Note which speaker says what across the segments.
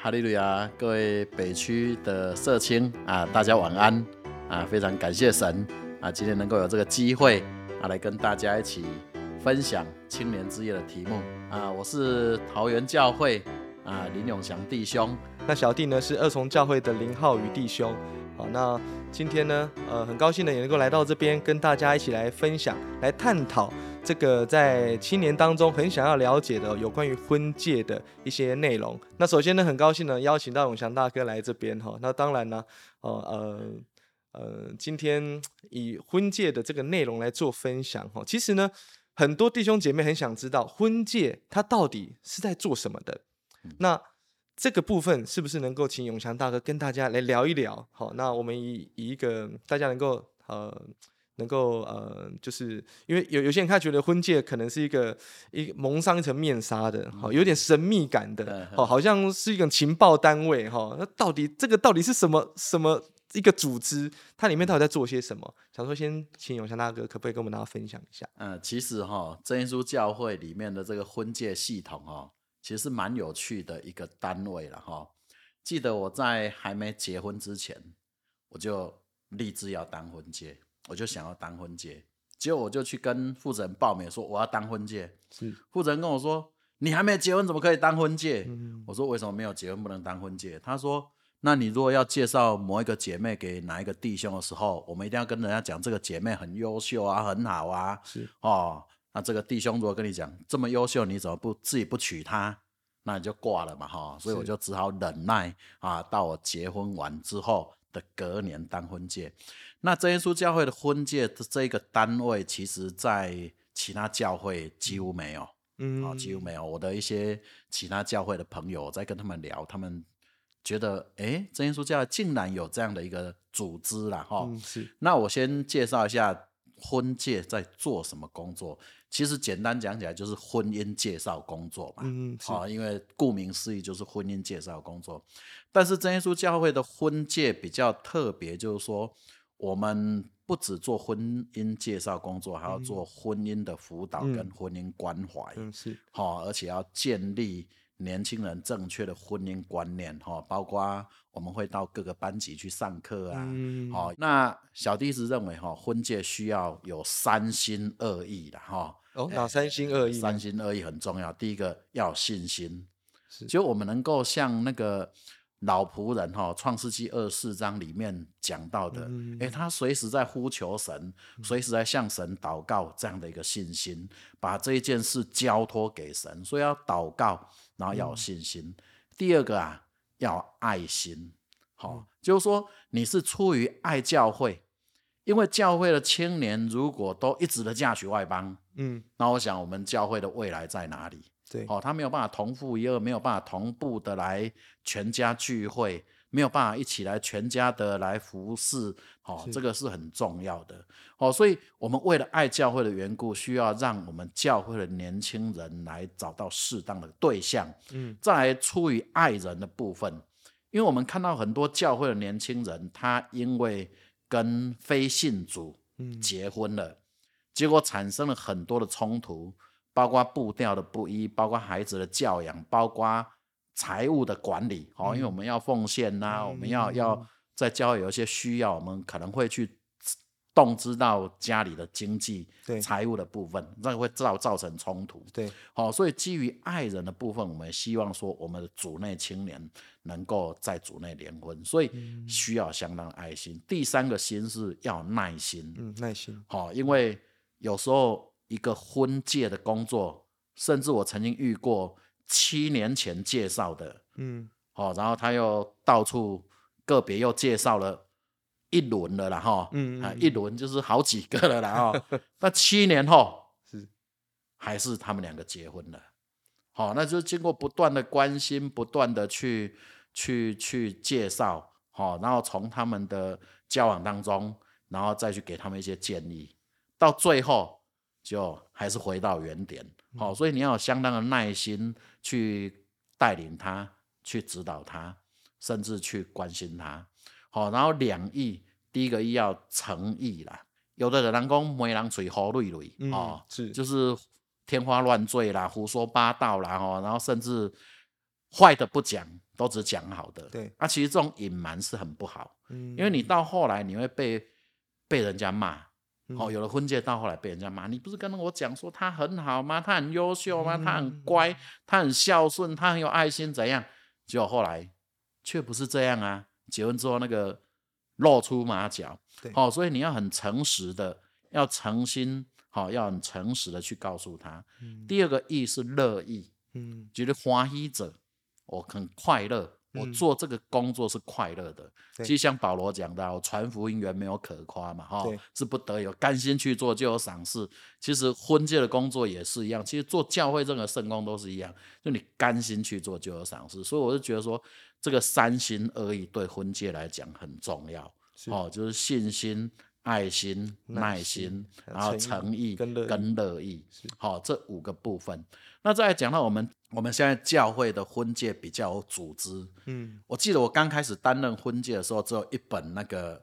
Speaker 1: 哈利路亞！Hallelujah，各位北區的社青啊，大家晚安啊！非常感謝神啊，今天能夠有這個機會啊，來跟大家一起分享青年之夜的題目啊！我是桃園教會啊林
Speaker 2: 永祥弟兄，那小弟呢是二重教會的林浩宇弟兄。好，那今天呢，呃，很高興呢也能夠來到這邊，跟大家一起來分享，來探討。這個在青年當中很想要了解的有關於婚介的一些內容。那首先呢，很高興呢邀請到永祥大哥來這邊哈。那當然呢，呃呃呃，今天以婚介的這個內容來做分享哈。其實呢，很多弟兄姐妹很想知道婚介他到底是在做什麼的。那這個部分是不是能夠請永祥大哥跟大家來聊一聊？好，那我們以以一個大家能夠呃。能夠呃，就是因為有有些人，他覺得婚介可能是一個一蒙上一層面紗的、嗯，有點神秘感的，好、哦，好像是一個情報單位哈、哦。那到底這個到底是什麼什麼一個組織？它裡面到底在做些什麼？想說先請永強大哥可不可以跟我們大家分享一下？嗯，其實哈，
Speaker 1: 真耶穌教會裡面的這個婚介系統哦，其實是蠻有趣的一個單位了哈。記得我在還沒結婚之前，我就立志要當婚介。我就想要當婚介，結果我就去跟負責人報名說我要當婚介。是，負責人跟我說，你還沒結婚怎麼可以當婚介、嗯嗯？我說，為什麼沒有結婚不能當婚介？他說那你如果要介紹某一個姐妹給哪一個弟兄的時候，我們一定要跟人家講這個姐妹很優秀啊，很好啊。是哦，那這個弟兄如果跟你講這麼優秀，你怎麼不自己不娶她？那你就掛了嘛哈、哦。所以我就只好忍耐啊，到我結婚完之後的隔年當婚介。那真耶穌教會的婚介的這個單位，其實，在其他教會幾乎沒有，
Speaker 2: 嗯，啊、哦，幾乎
Speaker 1: 沒有。我的一些其他教會的朋友我在跟他們聊，他們覺得，哎，真耶穌教會竟然有這樣的一個組織啦哈、哦嗯，是。那我先介紹一下婚介在做什麼工作。其實簡單講起來就是婚姻介紹工作嘛，嗯，是。啊、哦，因為顧名思義就是婚姻介紹工作。但是真耶穌教會的婚介比較特別，就是說。我們不只做婚姻介紹工作，還要做婚姻的輔導跟婚姻關懷、嗯嗯，
Speaker 2: 是、
Speaker 1: 哦、而且要建立年輕人正確的婚姻觀念哈、哦，包括我們會到各個班級去上課啊，好、嗯哦，那小弟是認為哈、哦，婚介需要有三心二意的哈，哦哦欸、哪三心二意？三心二意很重要，第一個要有信心，其實我們能夠像那個。老僕人哈、哦，《創世記》二十四章裡面講到的，誒、嗯欸，他隨時在呼求神，隨、嗯、時在向神禱告，這樣的一個信心，把這一件事交托給神，所以要禱告，然後要有信心、嗯。第二個啊，要愛心，好、哦嗯，就是說你是出於愛教會，因為教會的青年如果都一直的嫁娶外邦，嗯，那我想我們教會的未來在哪裡？對，哦，他沒有辦法同父異母，沒有辦法同步的來全家聚會，沒有辦法一起來全家的來服侍，哦，這個是很重要的，哦，所以我們為了愛教會的緣故，需要讓我們教會的年輕人來找到適當的對象。嗯，再來出於愛人的部分，因為我們看到很多教會的年輕人，他因為跟非信主結婚了，嗯，結果產生了很多的衝突。包括步調的不一，包括孩子的教養，包括財務的管理、嗯，因為我們要奉獻吶、啊嗯，我們要、嗯、要在教育有一些需要，我們可能會去動知道家裡的經濟財務的部分，那會造造成衝突對、哦、所以基於愛人的部分，我們希望說我們的主內青年能夠在主內聯婚，所以需要相當愛心、嗯。第三個心是要耐心，嗯、耐心好、哦，因為有時候。一個婚介的工作，甚至我曾經遇過七年前介紹的，嗯，好、哦，然後他又到處個別又介紹了一輪了啦，然、嗯、後、嗯嗯、啊，一輪就是好幾個了啦，後、 哦、那七年後是還是他們兩個結婚了，好、哦，那就是經過不斷的關心，不斷的去去去介紹，好、哦，然後從他們的交往當中，然後再去給他們一些建議，到最後。就還是回到原點，好、嗯哦，所以你要有相當的耐心去帶領他，去指導他，甚至去關心他。好、哦，然後兩意，第一個意要誠意啦，有的人講媒人嘴花蕊蕊哦，是就是天花亂墜啦，胡說八道啦，哦，然後甚至壞的不講，都只講好的。對，那、啊、其實這種隱瞞是很不好，嗯，因為你到後來你會被被人家罵。哦，有了婚介到後來被人家罵。你不是跟我講說他很好嗎？他很優秀嗎、嗯？他很乖，他很孝順，他很有愛心怎樣？結果後來卻不是這樣啊！結婚之後那個露出馬腳，對、哦，所以你要很誠實的，要誠心，好、哦，要很誠實的去告訴他、嗯。第二個意是樂意，嗯，覺得歡喜者，我很快樂。我做這個工作是快樂的，嗯、其實像保羅講的，我傳福音原沒有可誇嘛，哈、哦，是不得已甘心去做就有賞賜。其實婚介的工作也是一樣，其實做教會任何聖工都是一樣，就你甘心去做就有賞賜。所以我就覺得說，這個三心二意對婚介來講很重要，哦，就是信心。愛心，耐心，耐心，然後誠意，誠意跟樂意，好、哦，這五個部分。那再講到我們我們現在教會的婚介比較有組織，嗯，我記得我剛開始擔任婚介的時候，只有一本那個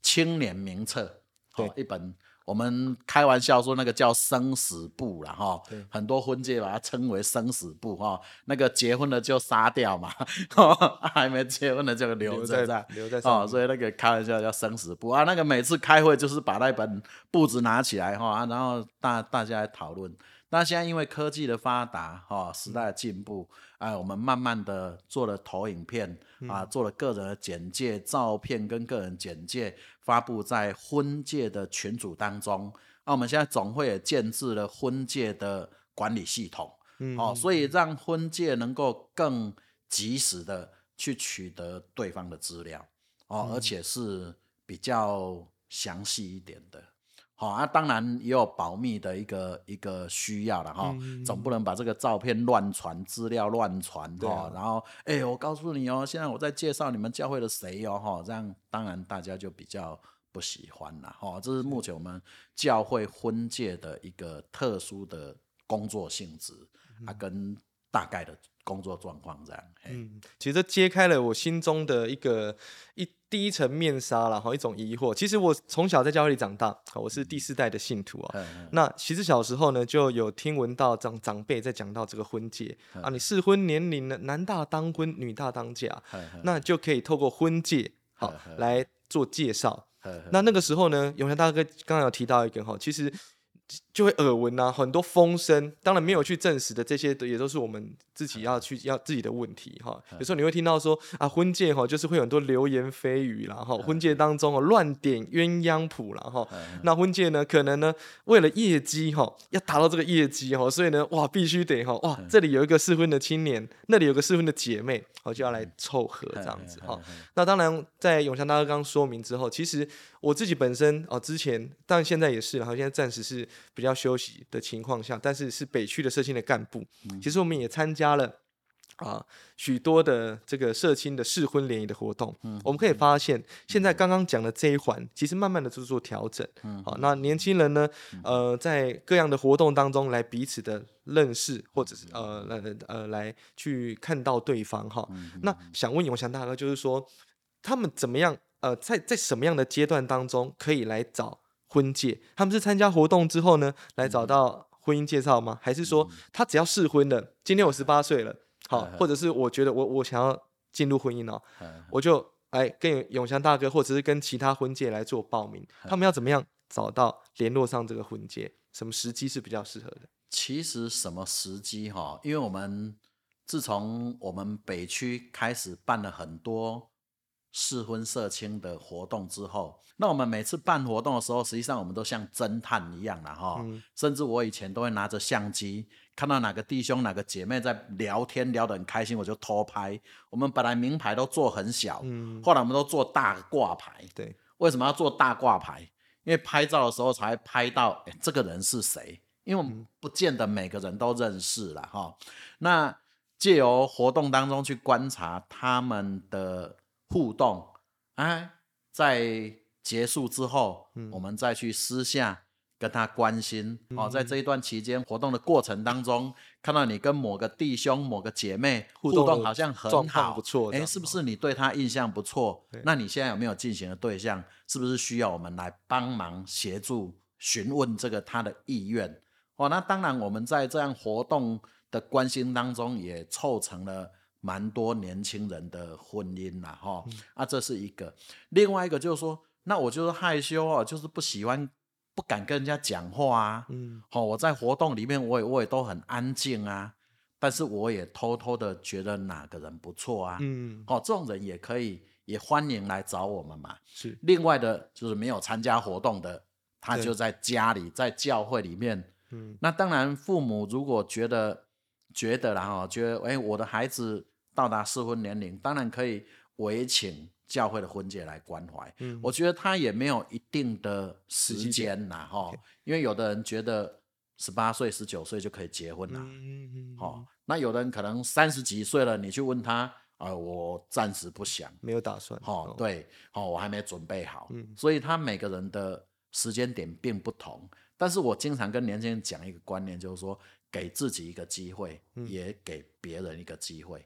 Speaker 1: 青年名冊，嗯哦、對，一本。我們開玩笑說那個叫生死簿了哈，很多婚介把它稱為生死簿哈，那個結婚了就殺掉嘛呵呵，還沒結婚的就留在這，留在哦、喔，所以那個開玩笑叫生死簿啊。那個每次開會就是把那本簿子拿起來哈、啊，然後大家大家來討論。那現在因為科技的發達，哦，時代的進步，哎、嗯啊，我們慢慢的做了投影片、嗯、啊，做了個人的簡介照片跟個人簡介發布在婚介的群組當中。那、啊、我們現在總會也建置了婚介的管理系統，嗯、哦，所以讓婚介能夠更及時的去取得對方的資料，
Speaker 2: 哦、嗯，而且
Speaker 1: 是比較詳細一點的。好、哦、啊，當然也有保密的一個一個需要了哈、哦嗯，總不能把這個照片亂傳、資料亂傳哈、啊哦。然後，哎、欸，我告訴你哦，現在我在介紹你們教會的誰哦哈、哦，這樣當然大家就比較不喜歡了哈、哦。這是目前我們教會婚介的一個特殊的
Speaker 2: 工作性質，它、啊、跟大概的，工作狀況這樣，嗯，其實揭開了我心中的一個一第一層面紗啦，一種疑惑。其實我從小在教會裡長大，我是第四代的信徒啊、喔嗯。那其實小時候呢，就有聽聞到長長輩在講到這個婚介、嗯、啊，你適婚年齡呢，男大當婚，女大當嫁、嗯嗯，那就可以透過婚介好、嗯嗯嗯、來做介紹、嗯嗯。那那個時候呢，永強大哥剛剛有提到一個哈，其實。就會耳聞吶、啊，很多風聲，當然沒有去證實的這些，也都是我們自己要去要自己的問題哈、喔。有時候你會聽到說啊，婚介哈、喔，就是會有很多流言蜚語啦，然、喔、後婚介當中哦亂、喔、點鴛鴦譜了哈。那婚介呢，可能呢為了業績哈、喔，要達到這個業績哈、喔，所以呢，哇，必須得哈、喔，哇，這裡有一個適婚的青年，那裡有個適婚的姐妹，好、喔、就要來湊合這樣子哈、喔。那當然，在永強大哥剛說明之後，其實。我自己本身哦，之前但現在也是，然後現在暫時是比較休息的情況下，但是是北區的社青的幹部，其實我們也參加了啊、呃、許多的這個社青的適婚聯誼的活動，嗯、我們可以發現、嗯，現在剛剛講的這一環，其實慢慢的就做調整，好、嗯哦，那年輕人呢、嗯，呃，在各樣的活動當中來彼此的認識，或者是呃來呃，呃來去看到對方哈、哦嗯，那想問永祥大哥，就是說他們怎麼樣？呃，在在什麼樣的階段當中可以來找婚介？他們是參加活動之後呢，來找到婚姻介紹嗎、嗯？還是說他只要適婚的？今天我十八歲了，嗯、好、嗯嗯，或者是我覺得我我想要進入婚姻哦、喔嗯嗯，我就來跟永強大哥，或者是跟其他婚介來做報名、嗯嗯。他們要怎麼樣找到聯絡上這個婚介？什麼時機是比較適合的？
Speaker 1: 其實什麼時機哈？因為我們自從我們北區開始辦了很多。試婚社青的活動之後，那我們每次辦活動的時候，實際上我們都像偵探一樣了哈、嗯。甚至我以前都會拿着相機，看到哪個弟兄、哪個姐妹在聊天，聊得很開心，我就偷拍。我們本來名牌都做很小，嗯、後來我們都做大掛牌。對，為什麼要做大掛牌？因為拍照的時候才拍到誒這個人是誰？因為我們不見得每個人都認識了哈。那借由活動當中去觀察他們的。互動，啊，在結束之後，嗯、我們再去私下跟他關心，嗯嗯哦。在這一段期間活動的過程當中，看到你跟某個弟兄、某個姐妹互動，互動好像很好，不錯，哎，是不是你對他印象不錯？那你現在有沒有進行的對象？對。是不是需要我們來幫忙協助詢問這個他的意願？哦，那當然，我們在這樣活動的關心當中也湊成了。蠻多年輕人的婚姻啦，哈、嗯、啊，這是一個。另外一個就是說，那我就是害羞啊、哦，就是不喜歡，不敢跟人家講話啊，嗯，好，我在活動裡面我也我也都很安靜啊，但是我也偷偷的覺得哪個人不錯啊，嗯，好，這種人也可以，也歡迎來找我們嘛。是。另外的就是沒有參加活動的，他就在家裡，在教會裡面，嗯，那當然父母如果覺得。覺得啦哈，覺得、欸、我的孩子到達適婚年齡，當然可以委請教會的婚介來關懷、嗯。我覺得他也沒有一定的時間吶哈、啊，因為有的人覺得十八歲、十九歲就可以結婚
Speaker 2: 了，
Speaker 1: 嗯嗯嗯、哦。那有的人可能三十幾歲了，你去問他、呃，我暫時不想，沒有打算。哈、哦，對、哦，我還沒準備好、嗯。所以他每個人的時間點並不同，但是我經常跟年輕人講一個觀念，就是說。給自己一個機會，也給別人一個機會。嗯。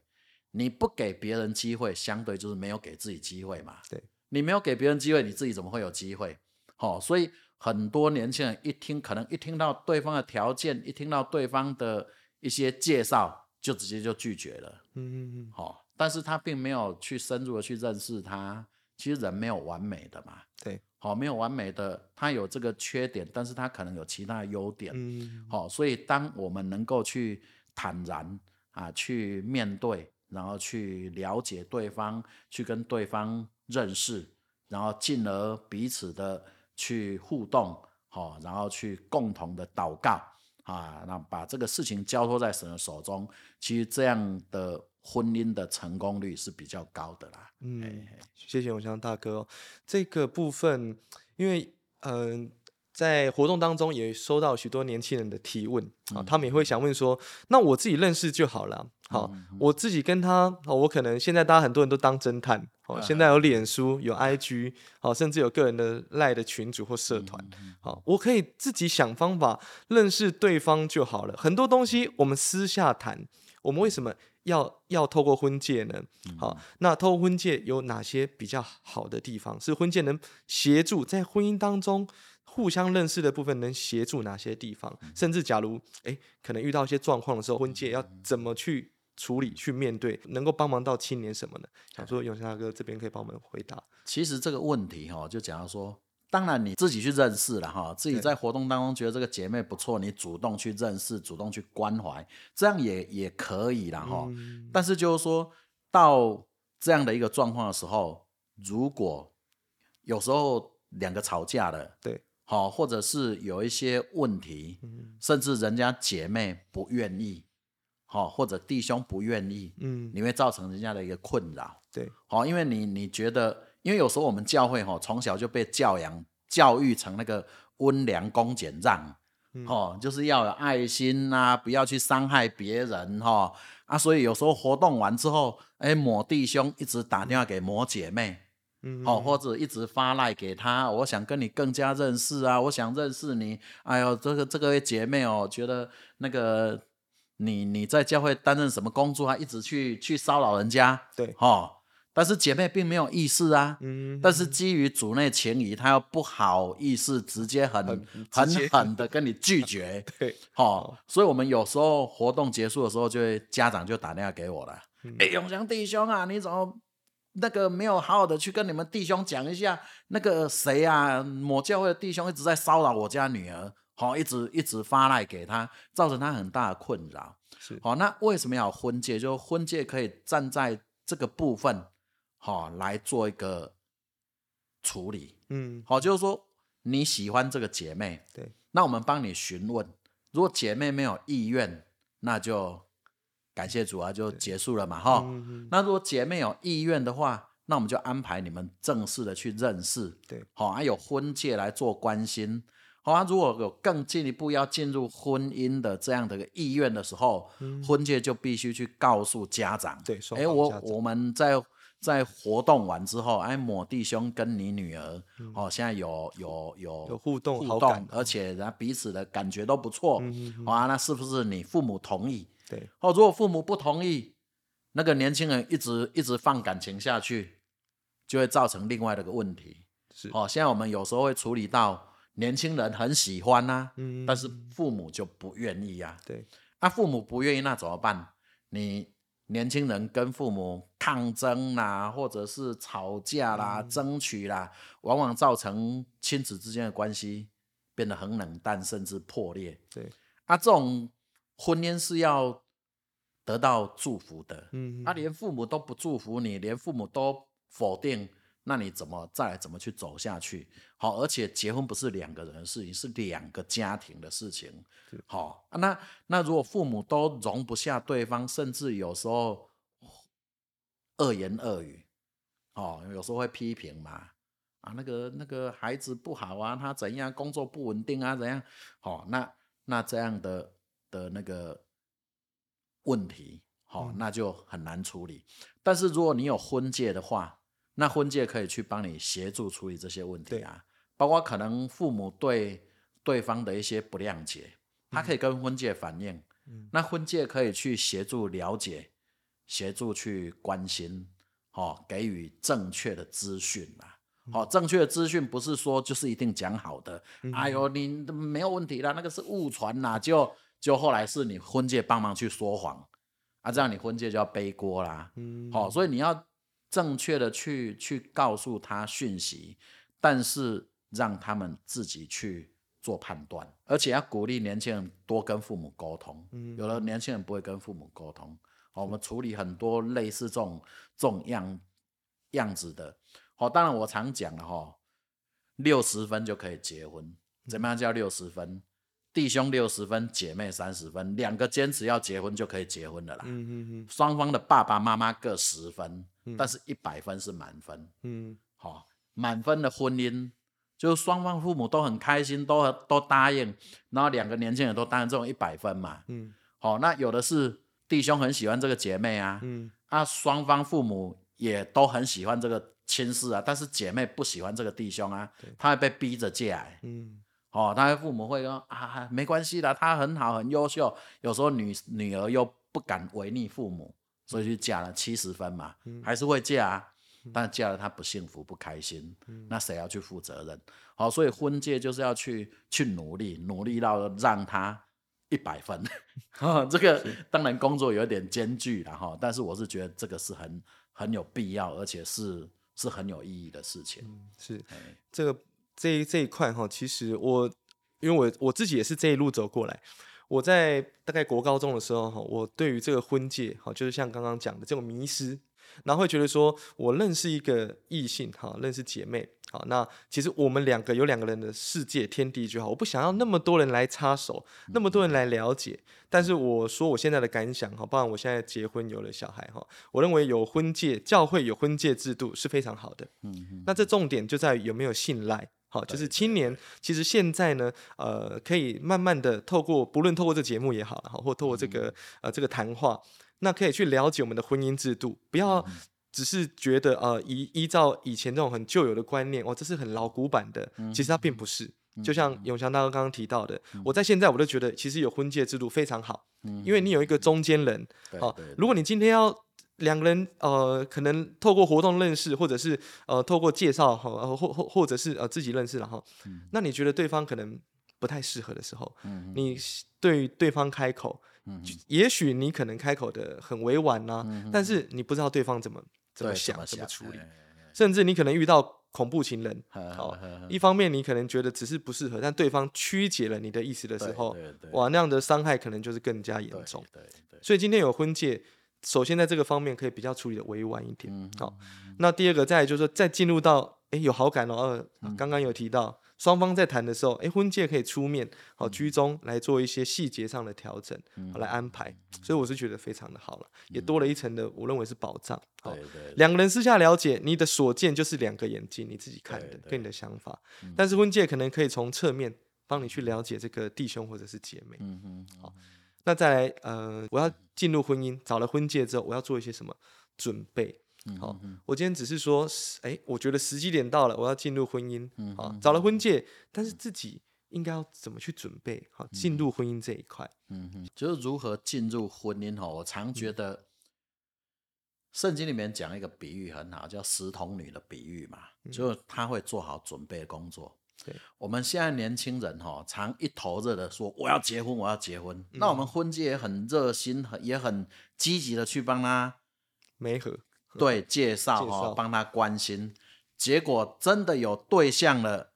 Speaker 1: 你不給別人機會，相對就是沒有給自己機會嘛。對。你沒有給別人機會，你自己怎麼會有機會？哦，所以很多年輕人一聽，可能一聽到對方的條件，一聽到對方的一些介紹，就直接就拒絕了。嗯嗯嗯。哦，但是他並沒有去深入的去認識他。其實人沒有完美的嘛。對。好、哦，沒有完美的，他有這個缺點，但是他可能有其他的優點。好、嗯哦，所以當我們能夠去坦然啊，去面對，然後去了解對方，去跟對方認識，然後進而彼此的去互動，好、哦，然後去共同的禱告。啊，那把這個事情交托在神的手中，其實這樣的婚姻的成功率
Speaker 2: 是比較高的啦。嗯，嘿嘿謝謝永祥大哥、哦，這個部分，因為嗯、呃，在活動當中也收到許多年輕人的提問啊、嗯哦，他們也會想問說，那我自己認識就好了，好嗯嗯，我自己跟他、哦，我可能現在大家很多人都當偵探。現在有臉書，有 IG，好，甚至有個人的 LINE 的群組或社團，好、嗯嗯，我可以自己想方法認識對方就好了。很多東西我們私下談，我們為什麼要要透過婚介呢？好、嗯，那透過婚介有哪些比較好的地方？是婚介能協助在婚姻當中互相認識的部分，能協助哪些地方？甚至假如哎，可能遇到一些狀況的時候，婚介要怎麼去？處理去面對，能夠幫忙到青年什麼呢？想說永強大哥這邊可以幫我們回答。
Speaker 1: 其實這個問題哈，就講到說，當然你自己去認識了哈，自己在活動當中覺得這個姐妹不錯，你主動去認識，主動去關懷，這樣也也可以啦哈、嗯。但是就是說到這樣的一個狀況的時候，如果有時候兩個吵架了，對，哈，或者是有一些問題，甚至人家姐妹不願意。哦，或者弟兄不願意，嗯，你會造成人家的一個困擾，對，好，因為你你覺得，因為有時候我們教會哈，從小就被教養、教育成那個溫良恭儉讓，哦、嗯，就是要有愛心吶、啊，不要去傷害別人，哈，啊，所以有時候活動完之後，哎、欸，某弟兄一直打電話給某姐妹，嗯，嗯，或者一直發賴、like、給她，我想跟你更加認識啊，我想認識你，哎呦，這個這個姐妹哦、喔，覺得那個。你你在教會擔任什麼工作啊？一直去去騷擾人家，對，哈、哦，但是姐妹並沒有意思啊，嗯，但是基於主內情誼，嗯、她又不好意思直接很狠、嗯、狠的跟你拒絕，嗯、對，哈、哦哦，所以我們有時候活動結束的時候就，就會家長就打電話給我了，哎、嗯，永強弟兄啊，你怎麼那個沒有好好的去跟你們弟兄講一下，那個誰啊，某教會的弟兄一直在騷擾我家女兒。好，一直一直發賴給他，造成他很大的困擾。好、哦，那為什麼要有婚介？就婚介可以站在這個部分，好、哦，來做一個處理。嗯，好、哦，就是說你喜歡這個姐妹，對，那我們幫你詢問。如果姐妹沒有意願，那就感謝主啊，就結束了嘛，哈。那如果姐妹有意願的話，那我們就安排你們正式的去認識。對，好、哦，還、啊、有婚介來做關心。好、哦、啊，如果有更進一步要進入婚姻的這樣的一個意願的時候、嗯，婚介就必須去告訴家長。對，哎、欸，我我們在在活動完之後，哎，某弟兄跟你女兒，哦，現在有有有有互動互動、啊、而且人家彼此的感覺都不錯、嗯哦。啊，那是不是你父母同意？對。哦，如果父母不同意，那個年輕人一直一直放感情下去，就會造成另外的一個問題。是。哦，現在我們有時候會處理到。年輕人很喜歡啊嗯嗯嗯，但是父母就不願意啊。對，那、啊、父母不願意，那怎麼辦？你年輕人跟父母抗爭啊，或者是吵架啦、啊嗯嗯、爭取啦、啊，往往造成親子之間的關係變得很冷淡，甚至破裂。對，啊，這種婚姻是要得到祝福的。嗯，嗯，他、啊、連父母都不祝福你，連父母都否定。那你怎麼再怎麼去走下去？好、哦，而且結婚不是兩個人的事情，是兩個家庭的事情。對，好、哦，那那如果父母都容不下對方，甚至有時候惡言惡語，哦，有時候會批評嘛，啊，那個那個孩子不好啊，他怎樣工作不穩定啊，怎樣？好、哦，那那這樣的的那個問題，好、哦嗯，那就很難處理。但是如果你有婚介的話，那婚介可以去幫你協助處理這些問題啊，包括可能父母對對方的一些不諒解、嗯，他可以跟婚介反映、嗯，那婚介可以去協助了解，協、嗯、助去關心，哦，給予正確的資訊啊，好、嗯哦，正確的資訊不是說就是一定講好的、嗯，哎呦，你沒有問題啦，那個是誤傳啦。就就後來是你婚介幫忙去說謊，啊，這樣你婚介就要背鍋啦，好、嗯哦，所以你要。正確的去去告訴他訊息，但是讓他們自己去做判斷，而且要鼓勵年輕人多跟父母溝通。嗯，有的年輕人不會跟父母溝通。好、哦，我們處理很多類似這種這種樣樣子的。好、哦，當然我常講哈，六十分就可以結婚。怎麼樣叫六十分？弟兄六十分，姐妹三十分，兩個堅持要結婚就可以結婚的啦。
Speaker 2: 嗯，
Speaker 1: 雙方的爸爸媽媽各十分。但是，一百分是滿分。嗯，好、哦，滿分的婚姻，就雙方父母都很開心，都都答應，然後兩個年輕人都答應，這種一百分嘛。嗯，好、哦，那有的是弟兄很喜歡這個姐妹啊，嗯，啊，雙方父母也都很喜歡這個親事啊，但是姐妹不喜歡這個弟兄啊，他會被逼着嫁。嗯，哦，他的父母會說啊，沒關係的，他很好，很優秀。有時候女女兒又不敢違逆父母。所以去嫁了七十分嘛，嗯，還是會嫁啊，嗯？但嫁了他不幸福不開心，嗯，那誰要去負責任？好，哦，所以婚介就是要去去努力，努力到讓他一百分。哈，這個當然工作有點艱鉅，然後，但是我是覺得這個是很很有必要，而且是是很有意義的事情。嗯，
Speaker 2: 是，這個這這一塊哈，其實我因為我我自己也是這一路走過來。我在大概國高中的時候，哈，我對於這個婚介，哈，就是像剛剛講的這種迷思，然後會覺得說，我認識一個異性，哈，認識姐妹，好，那其實我們兩個有兩個人的世界天地就好，我不想要那麼多人來插手，那麼多人來了解。但是我說我現在的感想，哈，不然我現在結婚有了小孩，哈，我認為有婚介教會有婚介制度是非常好的。嗯，那這重點就在於有沒有信賴。好，就是青年對對對對對，其實現在呢，呃，可以慢慢的透過不論透過這個節目也好，或透過這個、嗯、呃這個談話，那可以去了解我們的婚姻制度，不要只是覺得呃依依照以前這種很舊有的觀念，哦，這是很老古板的，嗯、其實它並不是。嗯、就像永祥大哥剛剛提到的，嗯、我在現在我都覺得，其實有婚介制度非常好，嗯、因為你有一個中間人，好、嗯，如果你今天要。兩個人呃，可能透過活動認識，或者是呃透過介紹、呃、或或或者是呃自己認識然後、嗯、那你覺得對方可能不太適合的時候，嗯、你對對方開口、嗯，也許你可能開口的很委婉吶、啊嗯，但是你不知道對方怎麼怎麼想、怎麼處理麼嘿嘿嘿，甚至你可能遇到恐怖情人。好、哦，一方面你可能覺得只是不適合，但對方曲解了你的意思的時候，哇，那樣的傷害可能就是更加嚴重。所以今天有婚介。首先，在這個方面可以比較處理的委婉一點。好、嗯哦，那第二個再來就是說，再進入到哎、欸、有好感哦，剛、啊、剛有提到雙、嗯、方在談的時候，哎、欸，婚介可以出面好、哦嗯、居中來做一些細節上的調整、嗯哦、來安排，所以我是覺得非常的好了、嗯，也多了一層的我認為是保障。好、哦，兩個人私下了解，你的所見就是兩個眼睛你自己看的跟你的想法，對對對但是婚介可能可以從側面幫你去了解這個弟兄或者是姐妹。嗯好。哦那再來，呃，我要進入婚姻，找了婚介之後，我要做一些什麼準備？好、嗯哦，我今天只是說，哎、欸，我覺得時機點到了，我要進入婚姻。好、哦嗯，找了婚介，但是自己應該要怎麼去準備？好、哦，進入婚姻這一塊，
Speaker 1: 嗯哼就是如何進入婚姻？哈，我常覺得，聖經裡面講一個比喻很好，叫十童女的比喻嘛，就是她會做好準備工作。我們現在年輕人哈，常一頭熱的說，我要結婚，我要結婚。嗯，那我們婚介也很熱心，也很積極的去幫他媒合，合，對，介紹哈，幫他關心。結果真的有對象了，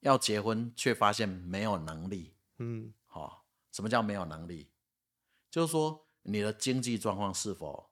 Speaker 1: 要結婚，卻發現沒有能力。
Speaker 2: 嗯，
Speaker 1: 哈，什麼叫沒有能力？就是說你的經濟狀況是否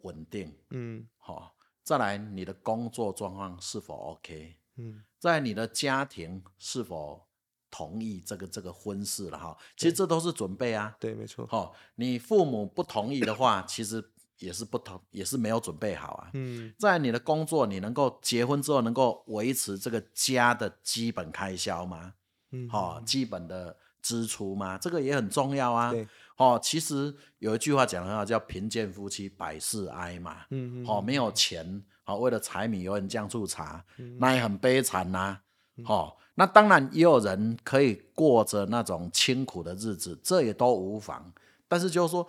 Speaker 1: 穩定？嗯，哈，再來你的工作狀況是否 OK？嗯。在你的家庭是否同意這個這個婚事了哈？其實這都是準備啊。對，對，沒錯。哈，你父母不同意的話， 其實也是不同，也是沒有準備好啊。嗯，在你的工作，你能夠結婚之後能夠維持這個家的基本開銷嗎？嗯，哈，基本的支出嗎？這個也很重要啊。對，哈，其實有一句話講的話，叫“貧賤夫妻百事哀”嘛。嗯，哈，沒有錢。好、哦，為了柴米油鹽醬醋茶嗯嗯，那也很悲慘吶、啊嗯哦。那當然也有人可以過着那種清苦的日子，這也都無妨。但是就是說，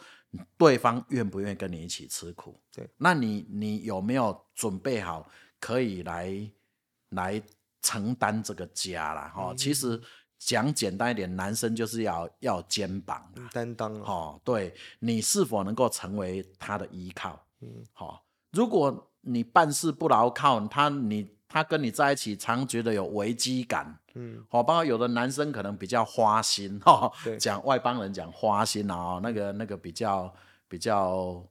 Speaker 1: 對方願不願意跟你一起吃苦？那你你有沒有準備好可以來來承擔這個家了？哈、哦嗯嗯，其實講簡單一點，男生就是要要肩膀，擔、嗯、當哦。哦，對你是否能夠成為他的依靠？嗯哦、如果。你辦事不牢靠，他你他跟你在一起常覺得有危機感，嗯，好、哦，包括有的男生可能比較花心，哈、哦，講外邦人講花心啊、哦，那個那個比較比較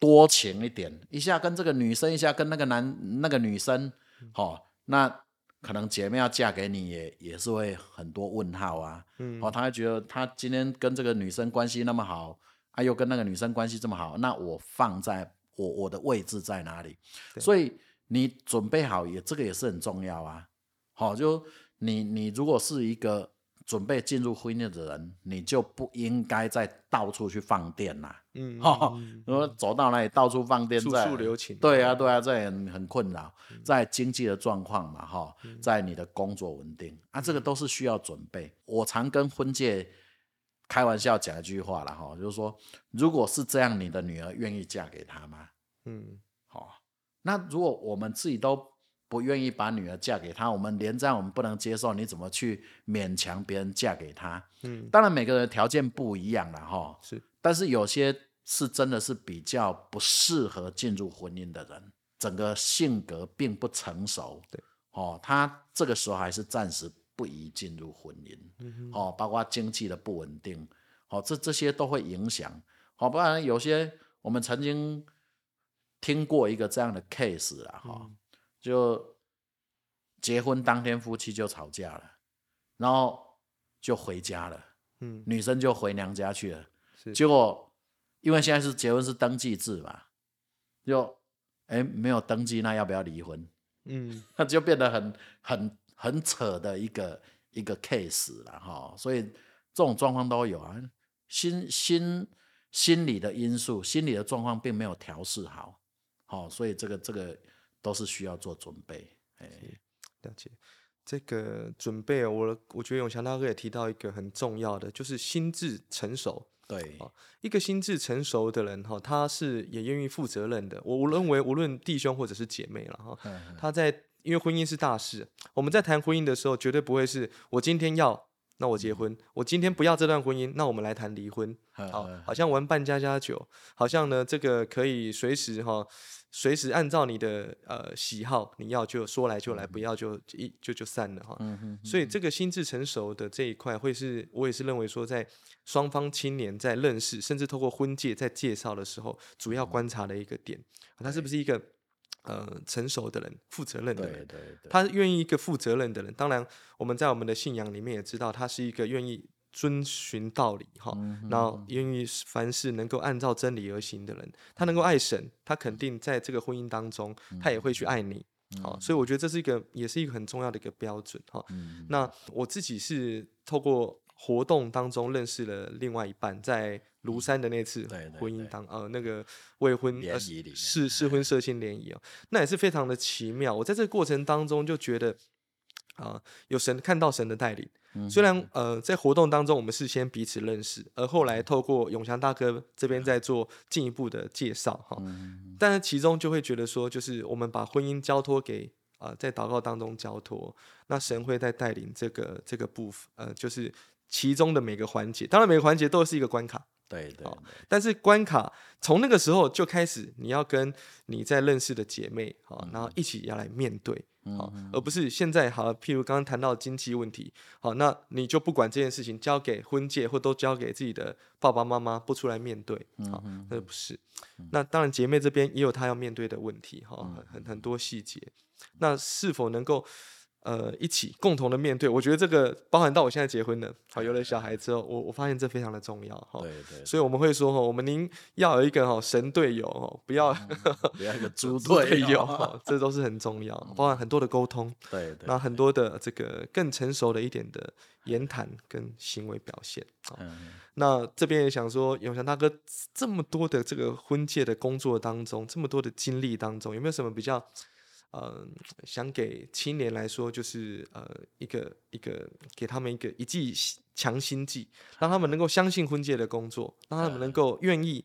Speaker 1: 多情一點，一下跟這個女生，一下跟那個男那個女生，好、哦，那可能姐妹要嫁給你也也是會很多問號啊，嗯，哦，他會覺得他今天跟這個女生關係那麼好，哎、啊、又跟那個女生關係這麼好，那我放在。我我的位置在哪裡？所以你準備好也這個也是很重要啊。好、哦，就你你如果是一個準備進入婚姻的人，你就不應該再到處去放電啦。嗯，哈、哦嗯，如走到哪裡到處放電，處處留情。對啊，對啊，也、啊、很困擾、嗯，在經濟的狀況嘛，哈、哦嗯，在你的工作穩定啊，這個都是需要準備。嗯、我常跟婚介開玩笑講一句話了哈、哦，就是說，如果是這樣，你的女兒願意嫁給他嗎？嗯嗯，好、哦，那如果我們自己都不願意把女兒嫁給他，我們連這樣我們不能接受，你怎麼去勉強別人嫁給他？嗯，當然每個人的條件不一樣了哈、哦，是，但是有些是真的是比較不適合進入婚姻的人，整個性格並不成熟，對，哦，他這個時候還是暫時不宜進入婚姻，嗯、哦，包括經濟的不穩定，哦，這這些都會影響，好、哦，不然有些我們曾經。聽過一個這樣的 case 啊哈、嗯喔，就結婚當天夫妻就吵架了，然後就回家了，嗯，女生就回娘家去了。結果因為現在是結婚是登記制嘛，就哎、欸、沒有登記，那要不要離婚？嗯，那 就變得很很很扯的一個一個 case 了哈。所以這種狀況都有啊，心心心理的因素，心理的狀況並沒有調適好。好、哦，所以這個這個都是需要做準備。哎、欸
Speaker 2: ，Okay, 了解這個準備，我我覺得永強大哥也提到一個很重要的，就是心智成熟。對，哦、一個心智成熟的人哈、哦，他是也願意負責任的。我我認為，無論弟兄或者是姐妹了哈，哦、 他在因為婚姻是大事，我們在談婚姻的時候，絕對不會是我今天要那我結婚，嗯，我今天不要這段婚姻，那我們來談離婚。 好，好像玩扮家家酒，好像呢這個可以隨時哈。哦隨時按照你的呃喜好，你要就說來就來，嗯、不要就一就就散了哈、嗯哼哼哼。所以這個心智成熟的這一塊，會是我也是認為說，在雙方青年在認識，甚至透過婚介在介紹的時候，主要觀察的一個點，嗯啊、他是不是一個呃成熟的人、負責任的人對對對，他願意一個負責任的人。當然，我們在我們的信仰裡面也知道，他是一個願意。遵循道理哈，然後因為凡事能夠按照真理而行的人，他能夠愛神，他肯定在這個婚姻當中，他也會去愛你好、嗯，所以我覺得這是一個，也是一個很重要的一個標準哈、嗯。那我自己是透過活動當中認識了另外一半，在廬山的那次婚姻當、嗯、對對對呃那個未婚聯誼裡，試適婚社性聯誼哦、嗯，那也是非常的奇妙。我在這個過程當中就覺得。啊、呃，有神看到神的帶領，雖然呃在活動當中我們事先彼此認識，而後來透過永祥大哥這邊在做進一步的介紹哈，但是其中就會覺得說，就是我們把婚姻交托給啊、呃，在禱告當中交托，那神會在帶領這個這個部分，呃，就是其中的每個環節，當然每個環節都是一個關卡。對對，對，對、哦，但是關卡從那個時候就開始，你要跟你在認識的姐妹、哦、然後一起要來面對，好、嗯哦，而不是現在好，譬如剛剛談到經濟問題，好、哦，那你就不管這件事情，交給婚介或都交給自己的爸爸媽媽，不出來面對，好、嗯哦，那不是。那當然，姐妹這邊也有她要面對的問題，哈、哦，很很多細節。那是否能夠？呃，一起共同的面對，我覺得這個包含到我現在結婚了，好、嗯哦、有了小孩之後，嗯、我我發現這非常的重要哈、哦。對對，對。所以我們會說哈、哦，我們您要有一個哦神隊友哦，不要、嗯、
Speaker 1: 不要一個豬隊友，呵呵、主隊友哦、
Speaker 2: 這都是很重要、嗯，包含很多的溝通。嗯、對對，對。那很多的這個更成熟的一點的言談跟行為表現。嗯哦嗯嗯、那這邊也想說永祥大哥，這麼多的這個婚介的工作當中，這麼多的經歷當中，有沒有什麼比較？嗯、呃，想給青年來說，就是呃，一個一個給他們一個一劑強心劑，讓他們能夠相信婚介的工作，讓他們能夠願意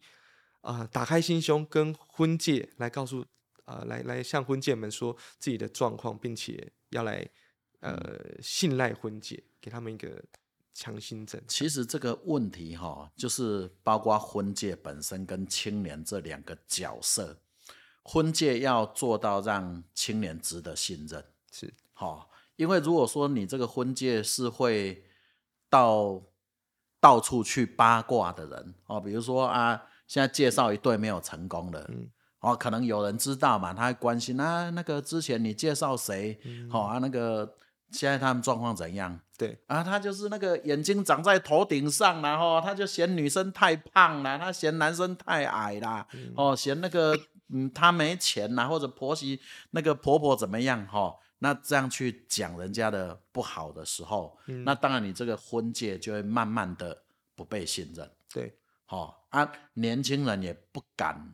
Speaker 2: 啊、呃，打開心胸跟婚介來告訴啊、呃，來來向婚介們說自己的狀況，並且要來呃，信賴婚介，給他們一個強心針。
Speaker 1: 其實這個問題哈、哦，就是包括婚介本身跟青年這兩個角色。婚介要做到讓青年值得信任，是好、哦，因為如果說你這個婚介是會到到處去八卦的人哦，比如說啊，現在介紹一對沒有成功的、嗯，哦，可能有人知道嘛，他會關心啊，那個之前你介紹誰，好、嗯哦、啊，那個現在他們狀況怎樣？對啊，他就是那個眼睛長在頭頂上，然後、哦、他就嫌女生太胖了，他嫌男生太矮了、嗯，哦，嫌那個。嗯嗯，他沒錢吶、啊，或者婆媳那個婆婆怎麼樣哈、哦？那這樣去講人家的不好的時候，嗯、那當然你這個婚介就會慢慢的不被信任。對，好、哦、啊，年輕人也不敢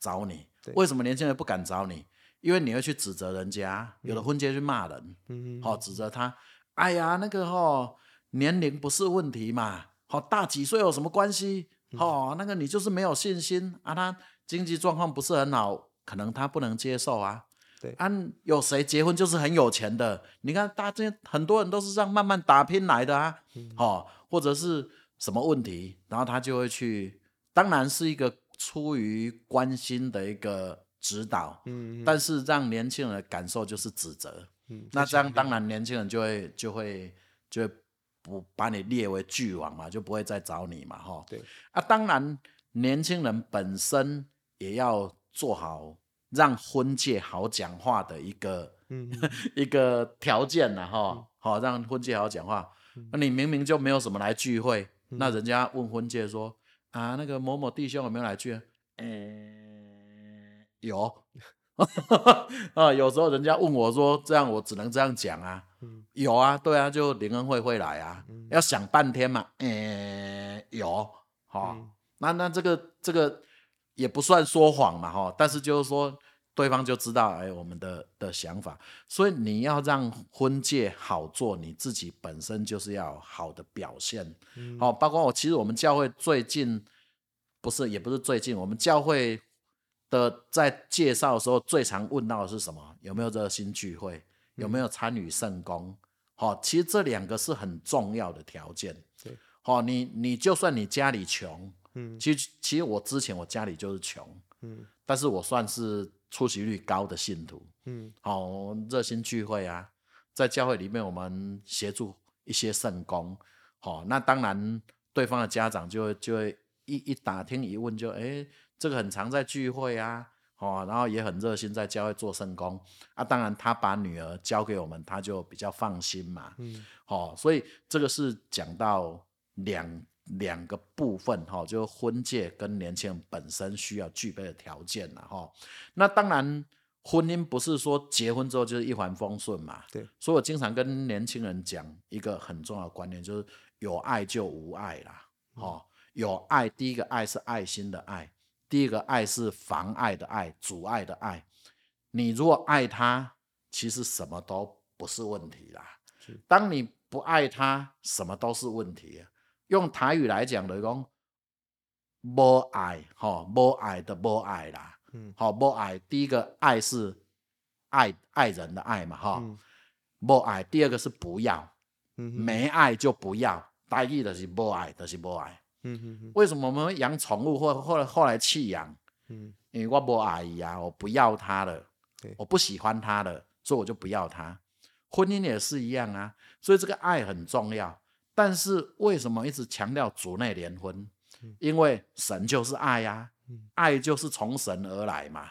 Speaker 1: 找你。為什麼年輕人不敢找你？因為你會去指責人家，嗯、有的婚介去罵人，好、嗯哦、指責他。哎呀，那個哈、哦，年齡不是問題嘛，好、哦、大幾歲有什麼關係？好、嗯哦，那個你就是沒有信心啊，他。經濟狀況不是很好，可能他不能接受啊。對啊，有誰結婚就是很有錢的？你看，大家很多人都是這樣慢慢打拼來的啊、嗯。哦，或者是什麼問題，然後他就會去，當然是一個出於關心的一個指導。嗯，嗯，嗯，但是讓年輕人的感受就是指責。嗯。嗯，那這樣當然年輕人就會就會就會不把你列為拒往嘛，就不會再找你嘛。哈、哦。對。啊，當然年輕人本身。也要做好讓婚介好講話的一個嗯嗯一個條件啊，哈、嗯，好讓婚介好講話。那、嗯啊、你明明就沒有什麼來聚會，嗯、那人家問婚介說啊，那個某某弟兄有沒有來聚？嗯、欸，有。 啊，有時候人家問我說這樣，我只能這樣講啊。嗯、有啊，對啊，就靈恩會會來啊。嗯、要想半天嘛。嗯、欸，有，好，嗯、那那這個這個。也不算說謊嘛，哈，但是就是說，對方就知道，哎，我們的的想法，所以你要讓婚介好做，你自己本身就是要好的表現，好、嗯，包括我，其實我們教會最近，不是也不是最近，我們教會的在介紹的時候，最常問到的是什麼？有沒有熱心聚會？有沒有參與聖工？好、嗯，其實這兩個是很重要的條件，對，好，你你就算你家裡窮。其實其實我之前我家裡就是窮、嗯，但是我算是出席率高的信徒，嗯，哦、熱心聚會啊，在教會裡面我們協助一些聖工。好、哦、那當然對方的家長就會就會一一打聽一問就，就、欸、哎，這個很常在聚會啊，哦、然後也很熱心在教會做聖工。啊，當然他把女兒交給我們，他就比較放心嘛，嗯，好、哦，所以這個是講到兩。兩個部分哈，就是婚介跟年輕人本身需要具備的條件了哈。那當然，婚姻不是說結婚之後就是一帆風順嘛。對，所以我經常跟年輕人講一個很重要的觀念，就是有愛就無礙啦，嗯。有愛，第一個愛是愛心的愛，第一個愛是妨礙的礙、阻礙的礙。你如果愛他，其實什麼都不是問題啦。是，當你不愛他，什麼都是問題。用台語來講的就是講，不愛吼，無愛的不愛啦，嗯，好，無愛。第一個愛是愛愛人的愛嘛，吼，無、嗯、愛。第二個是不要，
Speaker 2: 嗯、沒
Speaker 1: 愛就不要。大意的是不愛，的、就是不愛、嗯哼哼。為什麼我們養寵物，或後來後來棄養、嗯？因為我不愛呀、啊，我不要它了，我不喜歡它了，所以我就不要它。婚姻也是一樣啊，所以這個愛很重要。但是為什麼一直強調主內聯婚？因為神就是愛呀、啊，愛就是從神而來嘛。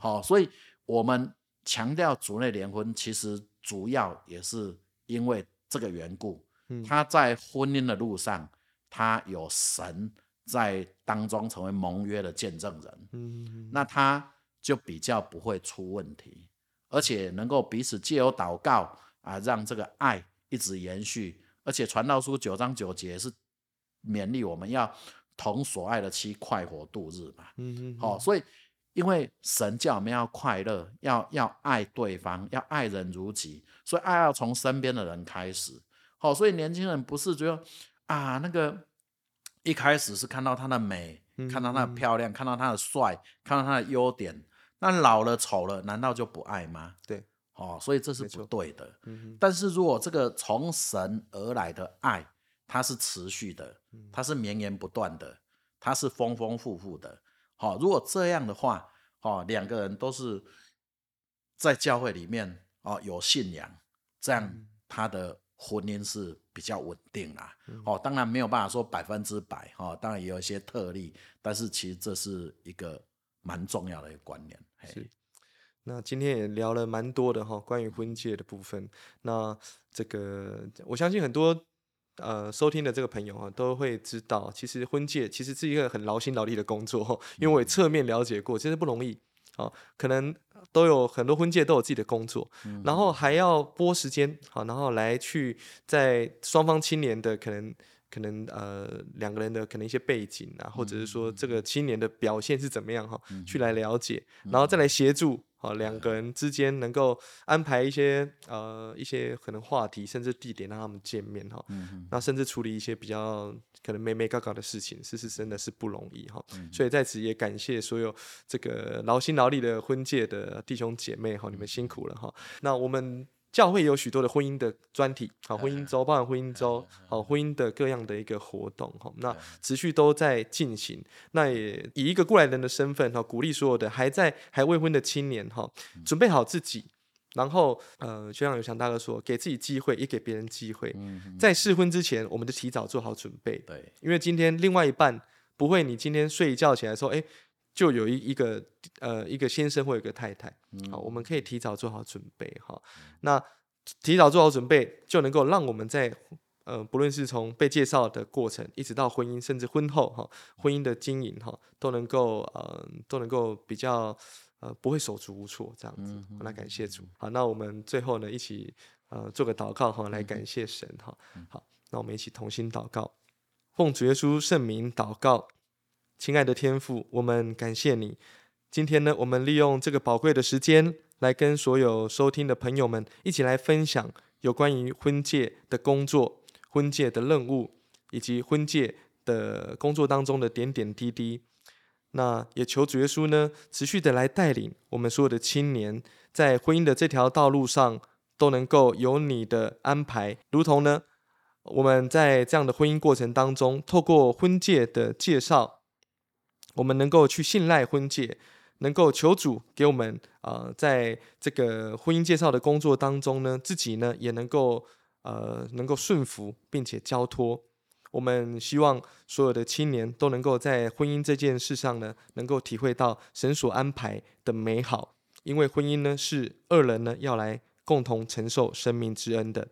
Speaker 1: 好、哦，所以我們強調主內聯婚，其實主要也是因為這個緣故。他在婚姻的路上，他有神在當中成為盟約的見證人，那他就比較不會出問題，而且能夠彼此藉由禱告啊，讓這個愛一直延續。而且傳道書九章九節是勉勵我們要同所愛的妻快活度日嘛。
Speaker 2: 嗯嗯，嗯。好、
Speaker 1: 哦，所以因為神叫我們要快樂，要要愛對方，要愛人如己，所以愛要從身邊的人開始。好、哦，所以年輕人不是覺得啊，那個一開始是看到她的美，嗯嗯嗯。看到她的漂亮，看到她的帥，看到她的優點，那老了醜了，難道就不愛嗎？對。哦，所以這是不對的。嗯。但是如果這個從神而來的愛，它是持續的，嗯，它是綿延不斷的，它是豐豐富富的。好，哦，如果這樣的話，哈，哦，兩個人都是在教會裡面哦有信仰，這樣他的婚姻是比較穩定啦。嗯，哦，當然沒有辦法說百分之百。哈，哦，當然也有一些特例，但是其實這是一個蠻重要的一個觀念。是。
Speaker 2: 那今天也聊了蠻多的哈，關於婚介的部分。那這個我相信很多呃收聽的這個朋友啊，都會知道，其實婚介其實是一個很勞心勞力的工作，因為我也側面了解過，其實不容易啊。可能都有很多婚介都有自己的工作，然後還要撥時間，好，然後來去在雙方青年的可能可能呃兩個人的可能一些背景啊，或者是說這個青年的表現是怎麼樣哈，去來了解，然後再來協助。啊、哦，兩個人之間能夠安排一些呃一些可能話題，甚至地點讓他們見面哈，那、哦嗯、甚至處理一些比較可能眉眉角角的事情，是是真的是不容易哈、哦嗯。所以在此也感謝所有這個勞心勞力的婚介的弟兄姐妹哈、哦，你們辛苦了哈、哦嗯。那我們。教會也有許多的婚姻的專題，好婚姻周，包含婚姻周， 好婚姻的各樣的一個活動，哈， 那持續都在進行。那也以一個過來人的身份，哈，鼓勵所有的還在還未婚的青年，哈，準備好自己，然後呃，就像有祥大哥說，給自己機會，也給別人機會。 在試婚之前，我們就提早做好準備。 對，因為今天另外一半不會，你今天睡一覺起來說，哎。就有一一個呃一個先生或一個太太，好、嗯哦，我們可以提早做好準備哈、哦。那提早做好準備，就能夠讓我們在呃不論是從被介紹的過程，一直到婚姻，甚至婚後哈、哦，婚姻的經營哈、哦，都能夠呃都能夠比較呃不會手足無措這樣子。來感謝主，好，那我們最後呢一起呃做個禱告哈、哦，來感謝神哈、哦嗯。好，那我們一起同心禱告，奉主耶穌聖名禱告。親愛的天父，我們感謝你。今天呢，我們利用這個寶貴的時間，來跟所有收聽的朋友們一起來分享有關於婚介的工作、婚介的任務，以及婚介的工作當中的點點滴滴。那也求主耶穌呢，持續的來帶領我們所有的青年，在婚姻的這條道路上都能夠有你的安排。如同呢，我們在這樣的婚姻過程當中，透過婚介的介紹，我們能夠去信賴婚介，能夠求主給我們呃，在這個婚姻介紹的工作當中呢，自己呢也能夠呃能夠順服，並且交托。我們希望所有的青年都能夠在婚姻這件事上呢，能夠體會到神所安排的美好，因為婚姻呢是二人呢要來共同承受生命之恩的。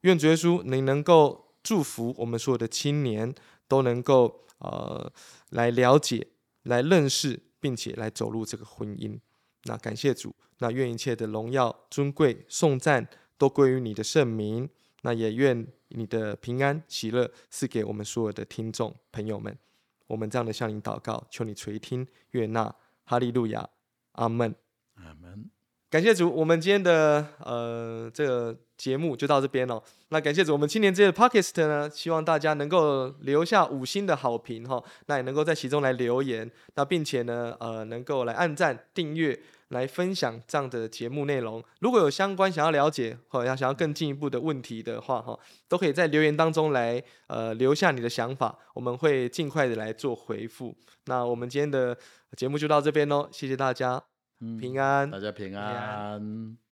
Speaker 2: 願主耶穌，您能夠祝福我們所有的青年都能夠。呃，來了解、來認識，並且來走入這個婚姻。那感謝主，那願一切的榮耀、尊貴、頌讚都歸於你的聖名。那也願你的平安、喜樂賜給我們所有的聽眾朋友們。我們這樣的向你禱告，求你垂聽、悅納。哈利路亞，阿門，
Speaker 1: 阿門。
Speaker 2: 感謝主，我們今天的呃這個節目就到這邊了，哦，那感謝我們青年之夜的 Podcast 呢，希望大家能夠留下五星的好評哈，哦，那也能夠在其中來留言，那並且呢，呃，能夠來按讚、訂閱、來分享這樣的節目內容。如果有相關想要了解或要、呃、想要更進一步的問題的話哈，都可以在留言當中來呃留下你的想法，我們會尽快的來做回覆。那我們今天的節目就到這邊嘍、哦，謝謝大家、嗯，平安，大家平安。平安